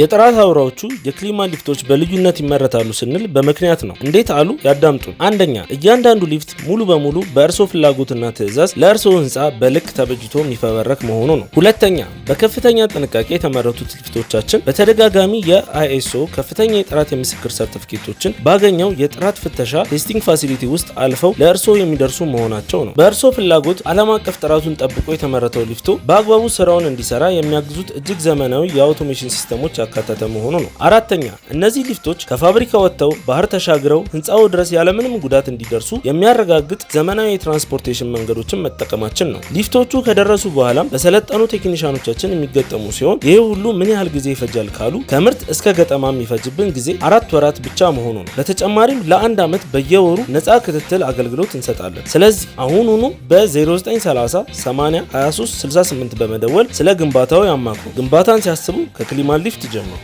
የጥራት አውራዎቹ የክሊማ ሊፍቶች በልዩነት ይመረታሉ ስንል በምክንያት ነው። እንዴት አሉ? ያዳምጡን። አንደኛ እያንዳንዱ ሊፍት ሙሉ በሙሉ በእርሶ ፍላጎትና ትዕዛዝ ለእርሶ ህንፃ በልክ ተበጅቶ የሚፈበረክ መሆኑ ነው። ሁለተኛ በከፍተኛ ጥንቃቄ የተመረቱት ሊፍቶቻችን በተደጋጋሚ የአይኤስኦ ከፍተኛ የጥራት የምስክር ሰርቲፊኬቶችን ባገኘው የጥራት ፍተሻ ቴስቲንግ ፋሲሊቲ ውስጥ አልፈው ለእርሶ የሚደርሱ መሆናቸው ነው። በእርሶ ፍላጎት ዓለም አቀፍ ጥራቱን ጠብቆ የተመረተው ሊፍቶ በአግባቡ ስራውን እንዲሰራ የሚያግዙት እጅግ ዘመናዊ የአውቶሜሽን ሲስተሞች ያካተተ መሆኑ ነው። አራተኛ እነዚህ ሊፍቶች ከፋብሪካ ወጥተው ባህር ተሻግረው ህንፃው ድረስ ያለምንም ጉዳት እንዲደርሱ የሚያረጋግጥ ዘመናዊ የትራንስፖርቴሽን መንገዶችን መጠቀማችን ነው። ሊፍቶቹ ከደረሱ በኋላም በሰለጠኑ ቴክኒሻኖቻችን የሚገጠሙ ሲሆን ይህ ሁሉ ምን ያህል ጊዜ ይፈጃል ካሉ ከምርት እስከ ገጠማ የሚፈጅብን ጊዜ አራት ወራት ብቻ መሆኑ ነው። በተጨማሪም ለአንድ ዓመት በየወሩ ነፃ ክትትል አገልግሎት እንሰጣለን። ስለዚህ አሁኑኑ በ0930 80 23 68 በመደወል ስለ ግንባታው ያማክሩ። ግንባታን ሲያስቡ ከክሊማን ሊፍት camı.